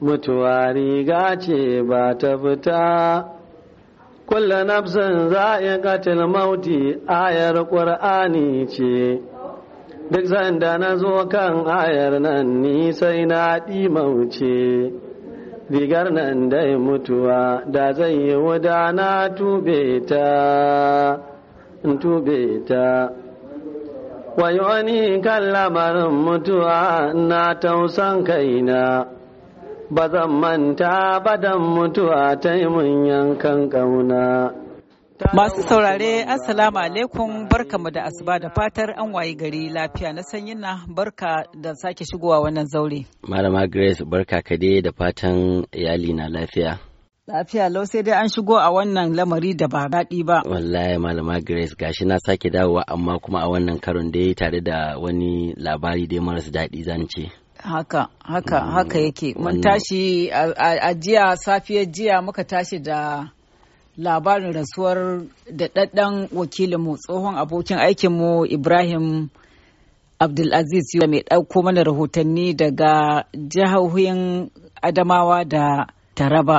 mutuwa riga ce ba ta fita kulla nafsin katil mauti ayar ƙwar'ani ce duk sanda na zo kan ayar nan ni sai na mauce rigar nan dai mutuwa da zai yi wuda na tube ta tube ta wani kan lamarin mutuwa na tausan kaina ba zan manta badan mutuwa ta yi mun yankan ƙauna. Masu saurare, Assalamu alaikum barkamu da asuba da fatar an wayi gari lafiya na sanyi na barka da sake shigowa wannan zaure. Malama Grace barka ka dai da fatan iyali na lafiya. Lafiya lau sai dai an shigo a wannan lamari da ba daɗi ba. Wallahi Malama Grace gashi na sake dawowa amma kuma a wannan karon dai tare da wani labari dai maras daɗi zan ce. haka haka mm. haka yake mun tashi a jiya safiyar jiya muka tashi da labarin rasuwar daɗaɗɗen wakilinmu tsohon abokin aikinmu ibrahim abdulaziz yau mai ɗauko mana rahotanni daga jihohin adamawa da taraba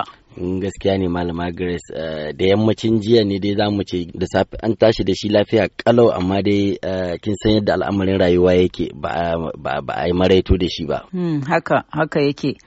gaskiya ne malama grace eh, da yammacin jiya ne dai zamu ce da safe an tashi da shi lafiya kalau amma dai eh, kin san yadda al'amarin rayuwa yake ba a yi maraito da shi ba hmm, haka haka yake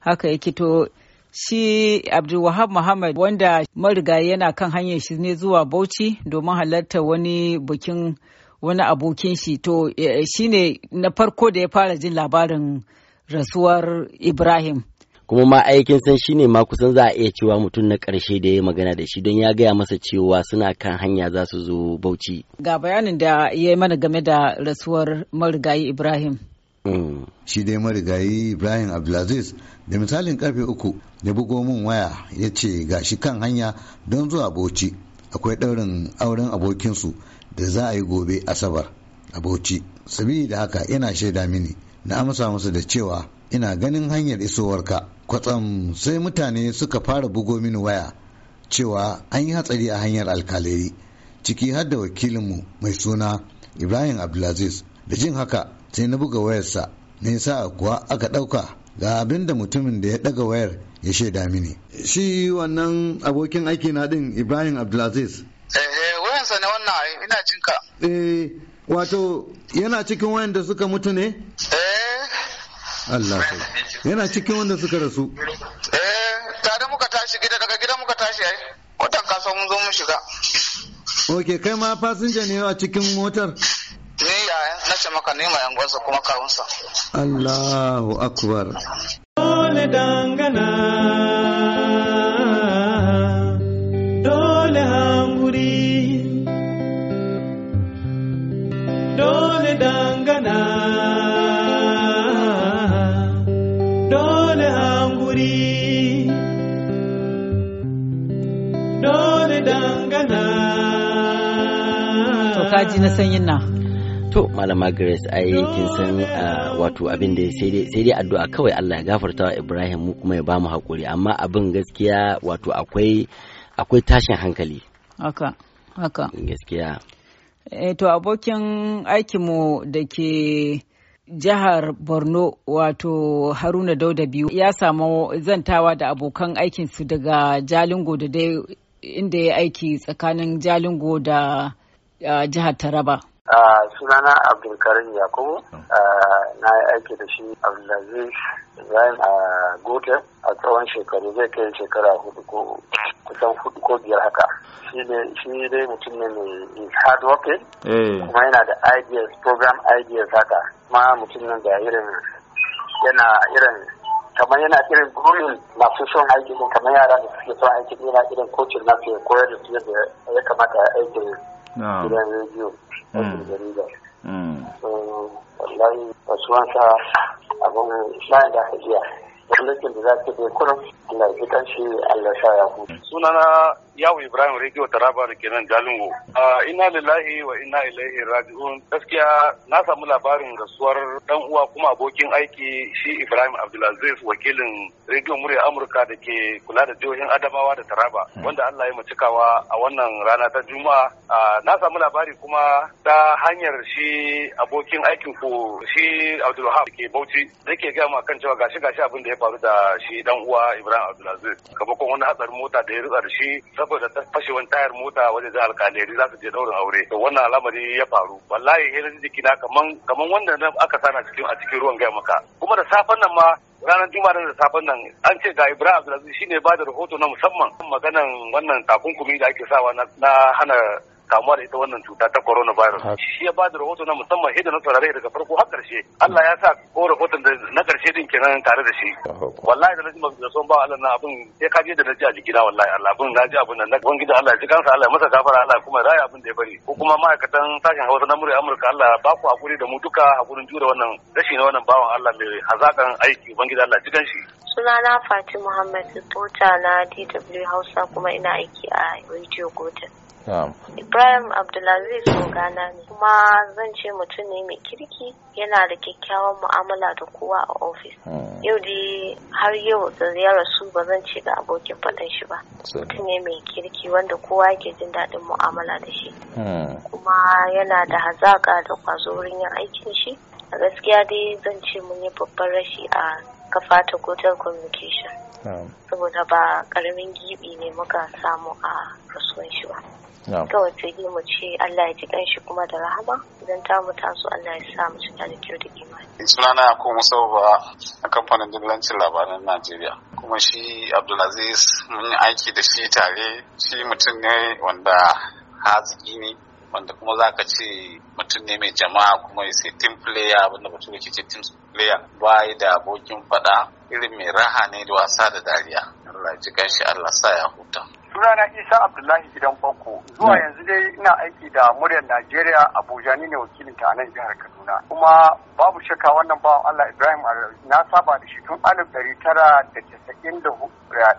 haka yake to shi abdulwahab muhammad wanda marigayi yana kan hanyar shi ne zuwa bauchi domin halarta wani bukin wani abokin shi to eh, shine na farko da ya fara jin labarin rasuwar ibrahim kuma ma aikin san ne ma kusan za a iya cewa mutum na ƙarshe da ya magana da shi don ya gaya masa cewa suna kan hanya za su zo bauchi ga bayanin da ya yi mana game da rasuwar marigayi ibrahim mm. shi dai marigayi ibrahim abdulaziz da misalin karfe uku da bugo min waya ya ce ga shi kan hanya don zuwa bauchi akwai ɗaurin auren abokinsu da za a yi gobe asabar a bauchi Sabi da haka yana shaida mini na amsa masa da cewa ina ganin hanyar isowarka kwatsam sai mutane suka fara bugo mini waya cewa an yi hatsari a hanyar alkaleri ciki har da wakilinmu mai suna ibrahim abdulaziz da jin haka sai na buga wayarsa nisa kuwa aka ɗauka ga abin da mutumin da ya ɗaga wayar ya shaida mini shi wannan abokin aiki na ɗin ibrahim abdulaziz eh, wayansa ne wannan ina eh, wato yana cikin wayan da suka mutu ne eh Allah yana cikin wanda suka rasu eh tare muka tashi gida daga gida muka tashi ai motar kasuwa mun zo mun shiga ok kai ma fasinja ne a cikin motar ni yaya na ce maka ni ma angonsa kuma kawunsa Allahu akbar dole dangana dole hanguri dole dangana kaji na sanyin na to malama grace ai kin san ah, wato abin da sai dai addu'a kawai Allah ya gafarta wa Ibrahim mu kuma ya ba mu hakuri amma abin gaskiya wato akwai tashin hankali haka haka gaskiya e, to abokin aikinmu da ke jihar borno wato haruna dauda biyu ya samu zantawa da abokan aikinsu daga jalingo da dai inda ya aiki tsakanin jalingo da jihar Taraba? sunana Abdulkarim Yakubu na aiki da shi Abdulaziz Ibrahim a Gote a tsawon shekaru zai kai shekara hudu ko kusan hudu ko biyar haka. Shi dai mutum ne mai hard working eh. kuma yana da ideas program ideas haka kuma mutum nan da irin yana irin kamar yana irin gurin masu son aiki kamar yara da suke son aiki yana irin kocin nasu ya koyar da su yadda ya kamata aiki. gidan rediyo da mm. jarida mm. um, wallahi wasu wansa abin da aka jiya lokacin da za ta bai Allah ya kan shi Allah sha ya Sunana Yawo Ibrahim Radio Taraba da kenan Jalingo. Inna lillahi wa inna ilaihi raji'un. Gaskiya na samu labarin rasuwar dan uwa kuma abokin aiki shi Ibrahim Abdulaziz wakilin Radio Murya Amurka da ke kula da jihohin Adamawa da Taraba hmm. wanda Allah ya cikawa a wannan rana ta Juma'a. Na samu labari kuma ta hanyar shi abokin aikin ku shi Abdulwahab ke Bauchi da ke gama kan cewa gashi gashi abin da ya ya faru da shi dan uwa Ibrahim Abdulaziz kamakon wani hatsarin mota da ya rutsa da shi saboda ta wani tayar mota wajen da alkaleri za su je daurin aure to wannan al'amari ya faru wallahi hirin jikina kaman kaman wanda aka sana cikin a cikin ruwan gaya maka kuma da safen nan ma ranar juma'a da safen nan an ce ga ibrahim abdulaziz shine ba da rahoto na musamman maganan wannan takunkumi da ake sawa na hana kamuwa da ita wannan cuta ta coronavirus shi ya da rahoto na musamman hidda na saurare daga farko har karshe Allah ya sa ko rahoton da na karshe din kenan tare da shi wallahi da naji da son ba Allah na abin sai ka je da naji a jikina wallahi Allah abin na ji abin nan na gida Allah ya ji kansa Allah ya masa gafara Allah kuma raya abin da ya bari ko kuma ma'aikatan sashen Hausa na murya Amurka Allah ba ku hakuri da mu duka hakurin jure wannan rashi na wannan bawan Allah mai hazakan aiki ubangiji Allah ji shi sunana Fati Muhammad Tota na DW Hausa kuma ina aiki a Radio Gotel Ibrahim Abdulaziz Ogana ne kuma zan ce mutum ne mai kirki yana da kyakkyawan mu'amala da kowa a ofis. Hmm. Yau dai har yau da ziyarar su ba zan ce ga abokin faɗan shi ba. Mutum ne mai kirki wanda kowa yake jin daɗin mu'amala da shi. Hmm. Kuma yana da hazaƙa da kwazo wurin yin aikin shi. A gaskiya dai zan ce mun yi babban rashi a ta gotel communication. Saboda ba ƙaramin gibi ne muka samu a rasuwan shi ba. kawai ta yi mu ce Allah ya ji shi kuma da rahama idan ta mu taso Allah ya sa mu cika da kyau da imani eh, sunana Yakubu Musa a kamfanin dillancin labaran Najeriya kuma shi Abdulaziz mun yi aiki da shi tare shi mutum ne wanda haziki ne wanda kuma za ka ce mutum ne mai jama'a kuma ya sai team player wanda mutum ya ce team player ba da abokin fada irin mai raha ne da wasa da dariya Allah ya ji shi Allah sa ya huta sunana isa abdullahi gidan banko zuwa hmm. yanzu dai ina aiki da muryar najeriya abuja ni ne wakilin ta nan jihar kaduna kuma babu shaka wannan bawan allah ibrahim na saba da shi tun alif dari tara da casa'in da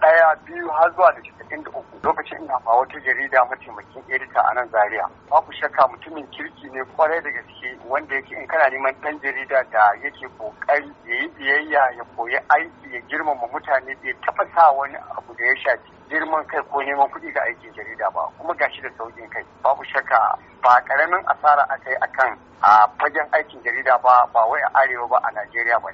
ɗaya biyu har zuwa da casa'in da uku lokacin ina ba wata jarida mataimakin edita a nan zaria babu shaka mutumin kirki ne kwarai da gaske wanda yake in kana neman ɗan jarida da yake kokari ya yi biyayya ya koyi aiki ya girmama mutane bai taɓa sa wani abu da ya shafi girman kai ko neman kuɗi ga aikin jarida ba kuma gashi da saukin kai babu shaka. ba karamin asara aka yi akan a fagen aikin jarida ba ba wai a arewa ba a najeriya ba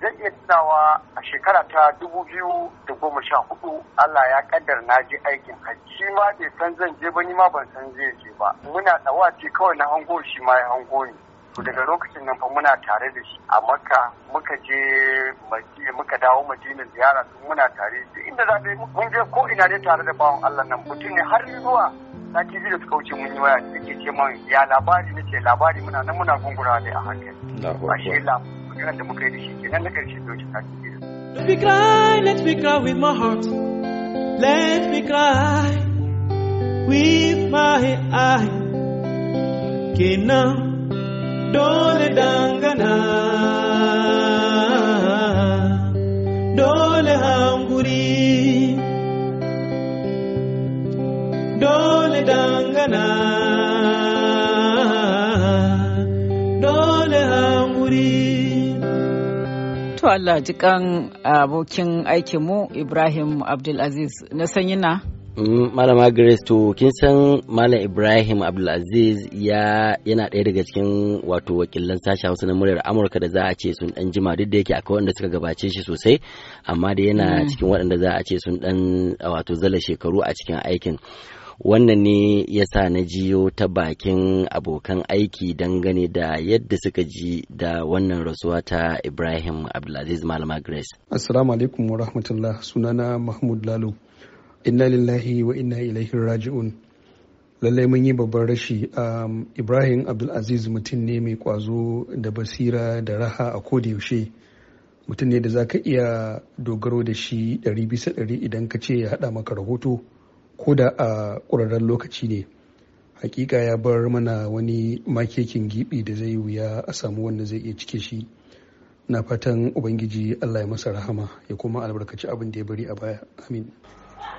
zan iya tunawa a shekara ta dubu biyu da goma sha hudu allah ya kaddar na je aikin hajji shi ma bai san zan je ba ni ma ban san zai je ba muna tsawaci kawai na hango shi ma ya hango ni to daga lokacin nan fa muna tare da shi a makka muka je muka dawo madina ziyara muna tare inda za mun je ko ina dai tare da bawan allah nan mutum ne har zuwa sati biyu da suka wuce mun yi waya da ke ce man ya labari na ce labari muna nan muna gungura ne a hankali ba shi labarin da muka yi da shi kenan na karshe da wuce Let me cry, let me cry with my heart. Let me cry with my eye. Kenan dole dangana dole hanguri dole dangana dole hanguri to Allah jikan abokin aikinmu Ibrahim Abdulaziz na sanyina Mm, malama grace to kin san malam ibrahim abdulaziz ya yana ɗaya daga cikin wato wakilan sashen hausa na muryar amurka da za a ce sun dan jima duk da yake akwai wanda suka gabace shi sosai amma da yana mm. cikin waɗanda za a ce sun ɗan wato zala shekaru a cikin aikin wannan ne ya sa na jiyo ta bakin abokan aiki dangane da yadda suka ji da wannan rasuwa ta ibrahim abdulaziz malama grace assalamu alaikum wa rahmatullah sunana mahmud lalo inna lillahi wa inna ilaihi raji'un lallai mun yi babban rashi a um, ibrahim abdulaziz mutum ne mai kwazo da basira da raha a ko da yaushe mutum ne da za ka iya dogaro da shi ɗari bisa ɗari idan ka ce ya haɗa maka rahoto ko da a ƙurarren lokaci ne hakika ya bar mana wani makekin giɓi da zai wuya a samu wanda zai iya cike shi na fatan ubangiji allah ya masa rahama ya kuma albarkaci abin da ya bari a baya amin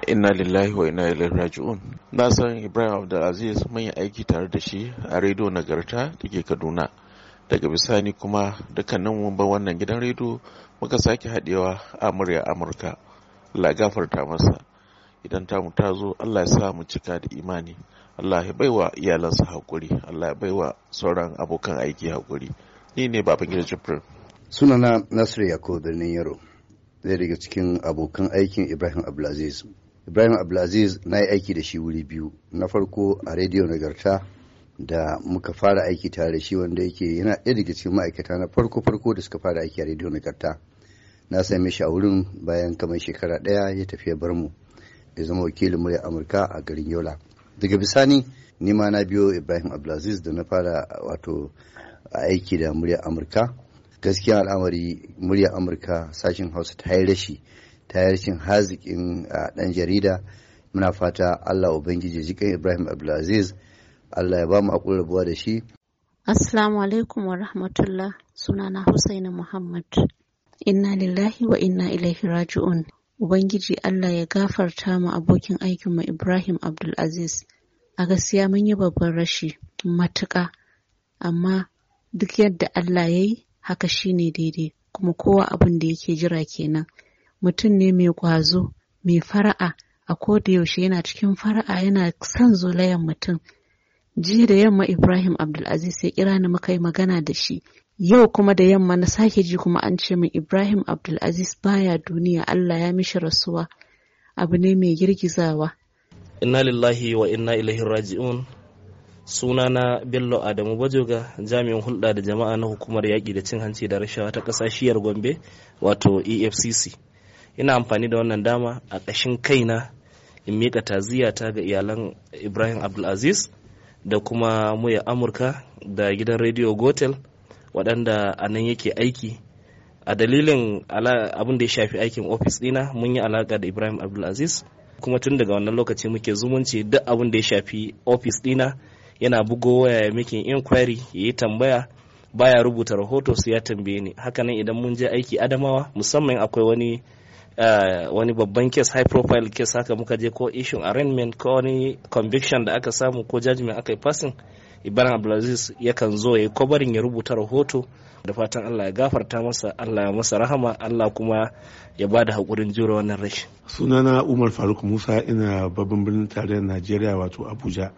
inna lillahi wa inna ilaihi raji'un na san ibrahim abdulaziz mun yi aiki tare da shi a rediyo nagarta da ke kaduna daga bisani kuma dukkanin mun bar wannan gidan rediyo muka sake haɗewa a murya amurka allah gafarta masa idan ta ta zo allah ya sa mu cika da imani allah ya baiwa iyalansa hakuri allah ya baiwa sauran abokan aiki hakuri ni ne babangida jibrin sunana nasiru yakubu birnin yaro zai daga cikin abokan aikin ibrahim abdulaziz ibrahim abdulaziz na yi aiki da shi wuri biyu na farko a rediyo nagarta da muka fara aiki tare da shi wanda yake yana ɗaya daga cikin ma'aikata na farko farko da suka fara aiki a rediyo nagarta na same shi a wurin bayan kamar shekara ɗaya ya tafi ya bar mu ya zama wakilin murya amurka a garin yola daga bisani ni ma na biyo ibrahim abdulaziz da na fara wato aiki da murya amurka gaskiya al'amari murya amurka sashen hausa ta yi rashi tayarcin yarcin haziƙin ɗan jarida muna fata Allah Ubangiji jikin Ibrahim Abdulaziz Allah ya ba mu rabuwa da shi. Assalamu alaikum wa rahmatullah sunana Husaina Muhammad. Inna lillahi wa inna ilaihi raji'un. Ubangiji Allah ya gafarta mu abokin aikin aikinmu Ibrahim Abdulaziz. A gaskiya mun yi babban rashi matuƙa amma duk yadda Allah ya yi haka shine daidai kuma kowa abin da yake jira kenan. mutum ne mai kwazo mai fara'a a koda yaushe yana cikin fara'a yana son zolayan mutum jiya da yamma ibrahim abdulaziz ya kira ni muka yi magana da shi yau kuma da yamma na sake ji kuma an ce min ibrahim abdulaziz baya duniya allah ya mishi rasuwa abu ne mai girgizawa inna lillahi wa inna ilaihi raji'un sunana bello adamu bajoga jami'in hulɗa da jama'a na hukumar yaƙi da cin hanci da rashawa ta ƙasashiyar gombe wato efcc ina amfani da wannan dama a ƙashin kaina in miƙa ta ga iyalan ibrahim abdulaziz da kuma muya amurka da gidan rediyo gotel waɗanda a nan yake aiki a dalilin abin da ya shafi aikin ofis ɗina mun yi alaƙa da ibrahim abdulaziz kuma tun daga wannan lokaci muke zumunci duk abin da ya shafi ofis ɗina yana bugo waya ya mikin inquiry ya yi tambaya baya rubuta rahoto su ya tambaye ni hakanan idan mun je aiki adamawa musamman akwai wani Eh, wani babban case high profile case haka muka je ko issue arraignment ko wani conviction da aka samu ko judgment aka yi passing ibrahim abdulaziz yakan zo ya yi kwabarin ya rubuta rahoto da fatan allah ya gafarta masa allah ya masa rahama allah kuma ya ba da haƙurin jure wannan rashi sunana umar faruk musa ina babban birnin tarayyar najeriya wato abuja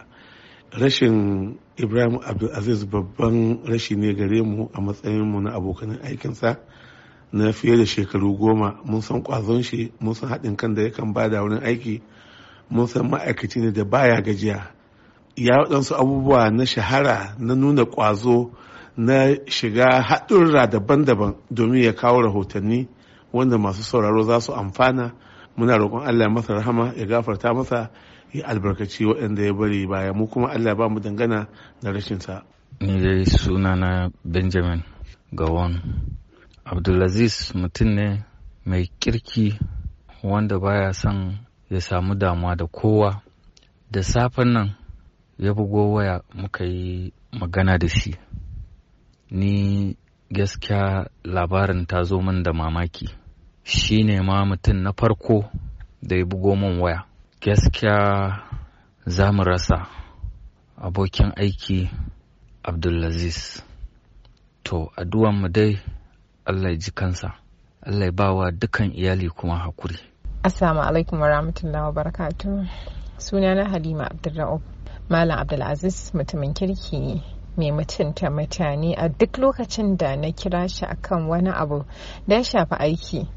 rashin ibrahim abdulaziz babban rashi ne gare mu a matsayin mu na abokanin aikinsa na fiye da shekaru goma mun san kwazon shi mun san haɗin kan da yakan ba da wurin aiki mun san ma'aikaci ne da baya gajiya ya waɗansu abubuwa na shahara na nuna kwazo na shiga haɗurra daban-daban domin ya kawo rahotanni wanda masu sauraro za su amfana muna roƙon allah masa rahama ya gafarta masa ya albarkaci waɗanda ya bari baya mu kuma allah ba mu dangana da rashinsa ni dai sunana benjamin gawon abdulaziz mutum ne mai kirki wanda baya son ya samu damuwa da kowa da safen nan ya bugo waya muka yi magana da shi ni gaskiya labarin ta zo min da mamaki shi ne ma mutum na farko da ya bugo min waya gaskiya za mu rasa abokin aiki abdulaziz to mu dai Allah ji kansa Allah ya wa dukan iyali kuma hakuri Assalamu alaikum wa rahmatullahi wa Suna na Halima Abdulra'uf Malam Abdulaziz mutumin kirki ne mai mutunta mutane a duk lokacin da na kira shi akan wani abu da ya shafi aiki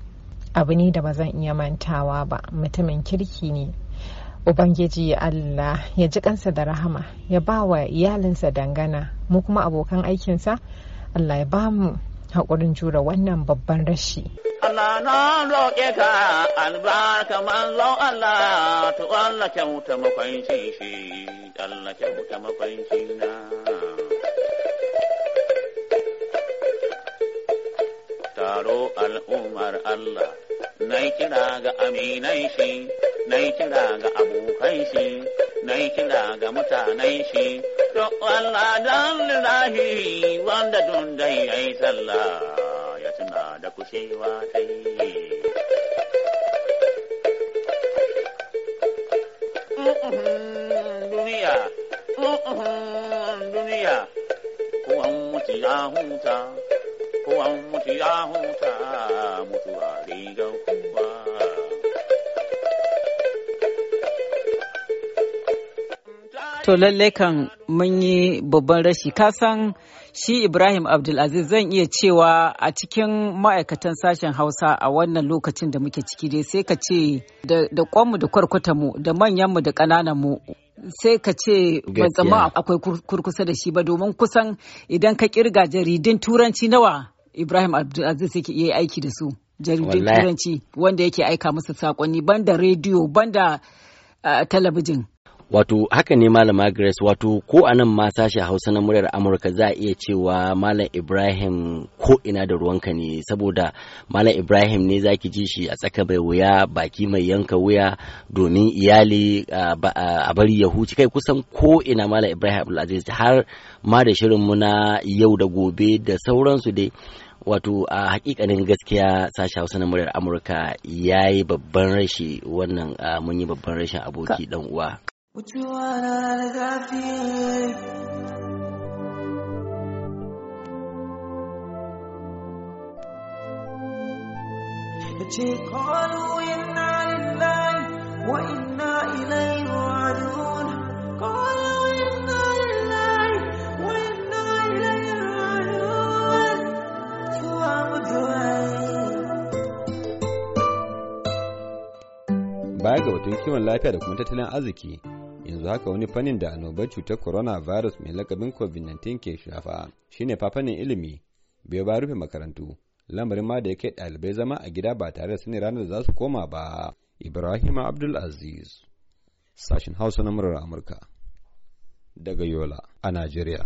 abu ne da ba zan iya mantawa ba mutumin kirki ne Ubangiji Allah ya ji kansa da rahama ya ba wa iyalinsa dangana mu kuma abokan aikinsa Allah ya ba mu haƙurin jure wannan babban rashi. Allah na roƙe ka albarka manzon Allah to Allah kyauta makwancin shi Allah kyauta makwancin na. Taro al'ummar Allah na kira ga aminai shi na kira ga abokai shi na yi kira ga mutanen shi, Don Allah don lillahi wanda don dai ya yi sallah ya tuna da kushewa ta yi. Duniya, duniya, kowan mutu ya huta, mutu ya huta, mutuwa rigar To lalle kan mun yi babban rashi. Kasan shi Ibrahim Abdulaziz zan iya cewa a cikin ma'aikatan sashen Hausa a wannan lokacin da muke ciki dai sai ka ce da kwanmu da kwarkwatanmu da manyanmu da ƙanananmu sai ka ce ban zama akwai kurkusa da shi ba domin kusan idan ka kirga jaridun turanci nawa Ibrahim Abdulaziz yake iya aiki da su. Jaridun turanci wanda yake aika musu saƙonni banda rediyo banda eh, talabijin. Wato haka ne malam Grace wato ko a nan ma sashi Hausa na muryar Amurka za a iya cewa Malam Ibrahim ko ina da ruwanka ne saboda Malam Ibrahim ne zaki ji shi a tsaka bai wuya baki mai yanka wuya domin iyali a bari ya huci kai kusan ko ina Malam Ibrahim Abdulaziz har ma da shirin mu na yau da gobe da sauransu dai wato a hakikanin gaskiya sashi hausa na muryar amurka yayi babban rashi wannan mun yi babban rashin aboki dan uwa Uchuana Gafi. ce kalu inna lillahi wa lillahi wa inna ilaihi raji'un baya ga batun kiwon lafiya da kuma tattalin arziki yanzu haka wani fannin da annobar cutar coronavirus mai lakabin covid-19 ke shafa shine fafanin ilimi bai ba rufe makarantu lamarin ma da ya kai ɗalibai zama a gida ba tare da sani ranar da za su koma ba ibrahim abdul aziz sashen hausa na murar amurka daga yola a najeriya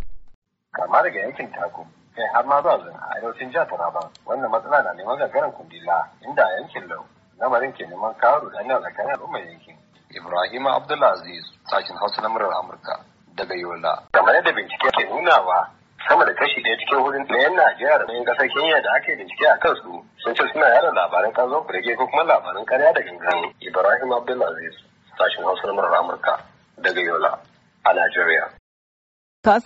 kama daga yankin taku kai har ma zuwa zan ja jihar taraba wannan matsala na neman gagarin kundila inda yankin lau lamarin ke neman kawo rudani a tsakanin al'ummar yankin Ibrahim Abdulaziz sashin Hausa na murar Amurka daga Yola. Kamar da bincike ke nunawa sama da kashi ɗaya cikin hudun da. 'yan Najeriya da 'yan ƙasar Kenya da ake bincike a kansu sun ce suna yada labaran ƙazon kurege ko kuma labaran ƙarya da gangan Ibrahim Abdulaziz sashen Hausa na murar Amurka daga Yola a Najeriya. Ka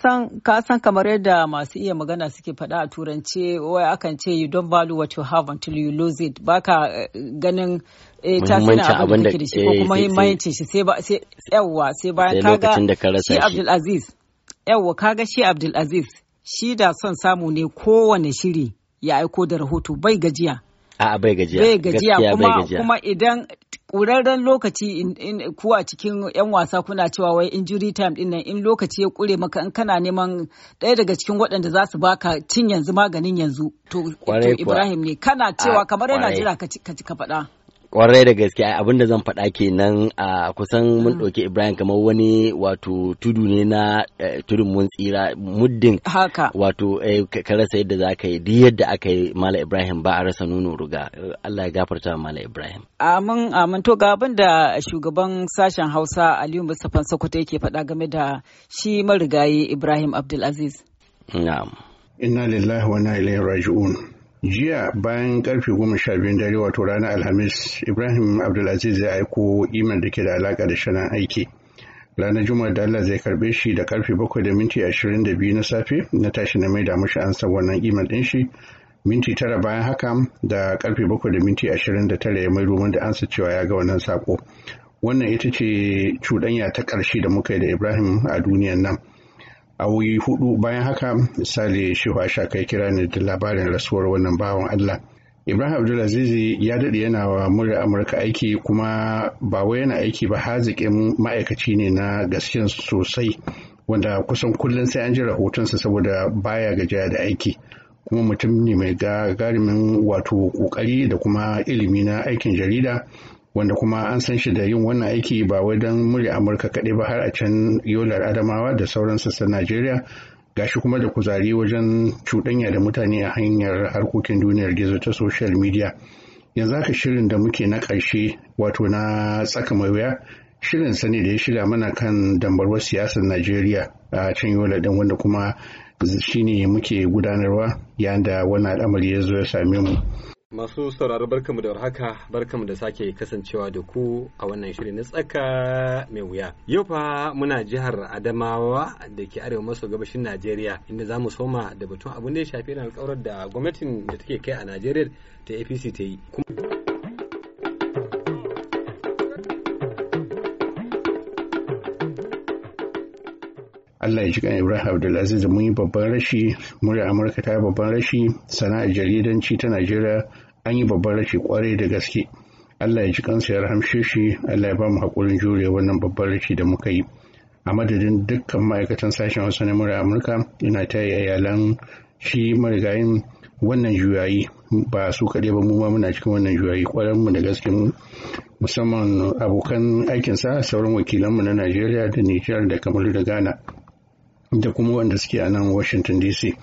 san kamar yadda masu iya magana suke faɗa a turance wai akan ce you don't value what you have until you lose it baka eh, ganin eh tasirin abin da ke da shi ko eh, kuma muhimmancin shi sai ba sai yawa sai bayan kaga shi Abdul Aziz yawa kaga shi Abdul Aziz shi da son samu ne kowane shiri ya aiko da rahoto bai gajiya a'a bai gajiya bai gajiya kuma kuma idan ƙurarren lokaci ku a cikin 'yan wasa kuna cewa wai injury time din nan in lokaci ya ƙure maka in kana neman ɗaya daga cikin waɗanda za su baka cin yanzu maganin yanzu to Ibrahim ne kana cewa kamar yana jira ka faɗa. kwarai da gaske abin da zan faɗa kenan a kusan mun ah. ɗauki ibrahim kamar wani wato tudu ne na eh, tudun mun tsira muddin haka wato eh, ka rasa yadda za ka yi duk yadda aka yi mala ibrahim ba a rasa nuno ruga allah ya gafarta mala ibrahim amin amin to ga abin da shugaban sashen hausa aliyu mustapha sokoto yake faɗa game da shi marigayi ibrahim abdulaziz na'am inna lillahi wa inna ilaihi raji'un jiya bayan karfe goma sha biyun dare wato ranar alhamis ibrahim abdulaziz ya aiko iman da ke da alaƙa da shirin aiki ranar juma'a da allah zai karɓe shi da karfe bakwai da minti ashirin da biyu na safe na tashi na mai da mashi an san wannan iman ɗin shi minti tara bayan haka da karfe bakwai da minti ashirin da tara ya mai domin da ansa cewa ya ga wannan saƙo. wannan ita ce cuɗanya ta ƙarshe da muka yi da ibrahim a duniyan nan A wuyi hudu bayan haka misali shehu ashaka ya kira ni da labarin rasuwar wannan bawan allah ibrahim abdulazizi ya daɗe yana wa murya amurka aiki kuma ba wai yana aiki ba haziƙin ma'aikaci ne na gaskiyan sosai wanda kusan kullum sai an ji rahotonsa saboda baya gajiya da aiki kuma mutum ne mai garimin wato kokari da kuma ilimi na aikin jarida wanda kuma an san shi da yin wannan aiki ba wai don murya amurka kaɗai ba har a can yolar adamawa da sauran sassan najeriya gashi kuma da kuzari wajen cuɗanya da mutane a hanyar harkokin duniyar gizo ta social media yanzu haka shirin da muke na ƙarshe wato na tsaka mai wuya shirin sani da ya shirya mana kan dambarwar siyasar najeriya a can yola din wanda kuma shine muke gudanarwa yayin da wannan al'amari ya zo ya same mu Masu sauraro barkamu da warhaka barkamu da sake kasancewa da ku a wannan shirin na tsaka mai wuya. Yau fa muna jihar Adamawa da ke arewa maso gabashin Najeriya inda za mu soma da batun abin da ya shafi na alkawar da gwamnatin da take kai a Najeriya ta APC ta yi. Allah ya ji kan Ibrahim Abdulaziz mun yi babban rashi murya Amurka ta yi babban rashi sana'a jaridanci ta Najeriya an yi babban rashi kwarai da gaske Allah ya ji kansa ya rahamshe shi Allah ya ba mu hakurin jure wannan babban rashi da muka yi a madadin dukkan ma'aikatan sashen Hausa na murya Amurka ina ta yi iyalan shi marigayin wannan juyayi ba su kaɗai ba mu ma muna cikin wannan juyayi kwaran mu da gaske mu musamman abokan aikinsa sauran wakilanmu na Najeriya da Nijar da Kamaru da Ghana da kuma wanda suke a nan Washington DC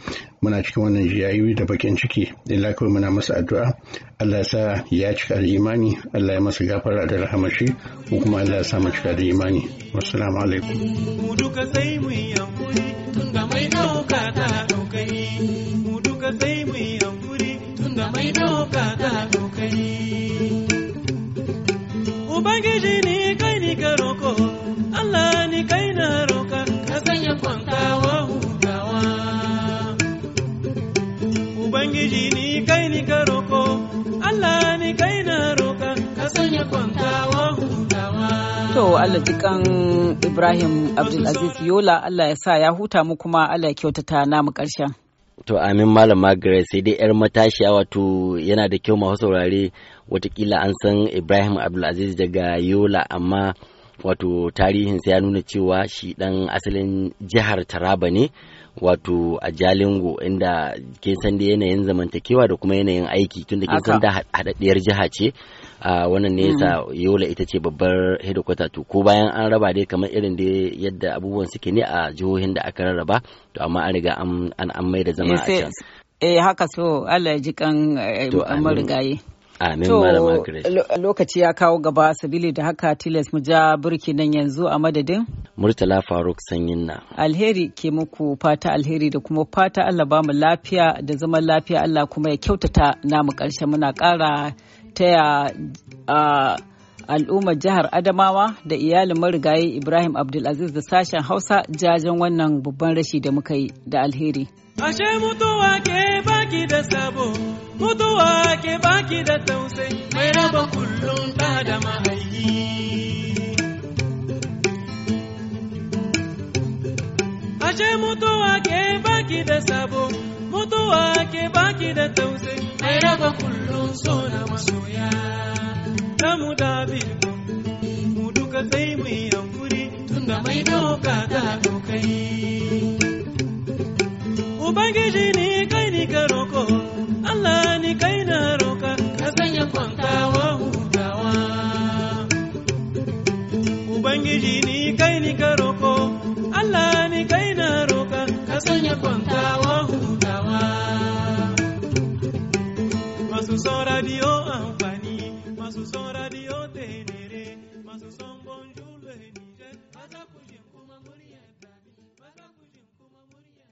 muna cikin wannan jiyayi da bakin ciki illa kawai muna masa addu'a Allah sa ya cika da imani Allah ya masa gafara da rahamashi ko kuma Allah ya sa mu cika da imani wassalamu alaikum mu duka sai mu yi tun da mai dauka ta mu duka sai mu tun mai dauka ta ubangiji ne ubangiji ni kai ni ka roko Allah ni kai na roka ka sanya kwantawa hutawa to Allah jikan Ibrahim Abdulaziz Yola Allah ya sa ya huta mu kuma Allah ya kyautata namu karshen To amin Malam Margaret sai dai 'yar matashiya wato yana da kyau masu saurare watakila an san Ibrahim Abdulaziz daga Yola amma wato tarihinsa ya nuna cewa shi ɗan asalin jihar Taraba ne. wato a jalingo inda ke san da yanayin zamantakewa da kuma yanayin aiki tunda da san da hadaddiyar jiha ce a wannan ne yasa mm-hmm. yola ita ce babbar hedikwata to ko bayan an raba dai kamar irin da yadda abubuwan suke ne a jihohin da aka rarraba to amma an riga an mai da zama a can eh haka so Allah ya ji kan eh, Amin Lokaci ya kawo gaba sabili da haka tilas mu ja burki nan yanzu a madadin. Murtala Faruk Sanyin na. Alheri ke muku fata alheri da kuma fata Allah ba mu lafiya da zaman lafiya Allah kuma ya kyautata na mu karshe muna ƙara taya al'ummar jihar Adamawa da iyalin marigayi Ibrahim Abdulaziz da sashen Hausa jajen wannan babban rashi da muka yi da alheri. ashe mutuwa ke baki da sabo mutuwa ke baki da tausayi mai raba kullum ta da mahayi ashe mutuwa ke baki da sabo mutuwa ke baki da tausayi mai raba kullum so na masoya ta mu da mu duka sai mu yi hankuri tunda mai doka ta dokai ubangiji ni kai ni ka roko Allah ni kai na roka ka sanya kwantawa hutawa ubangiji ni kai ni ka roko Allah ni kai na roka ka sanya kwantawa hutawa masu son radio amfani masu son radio tenere masu son bonjour le Niger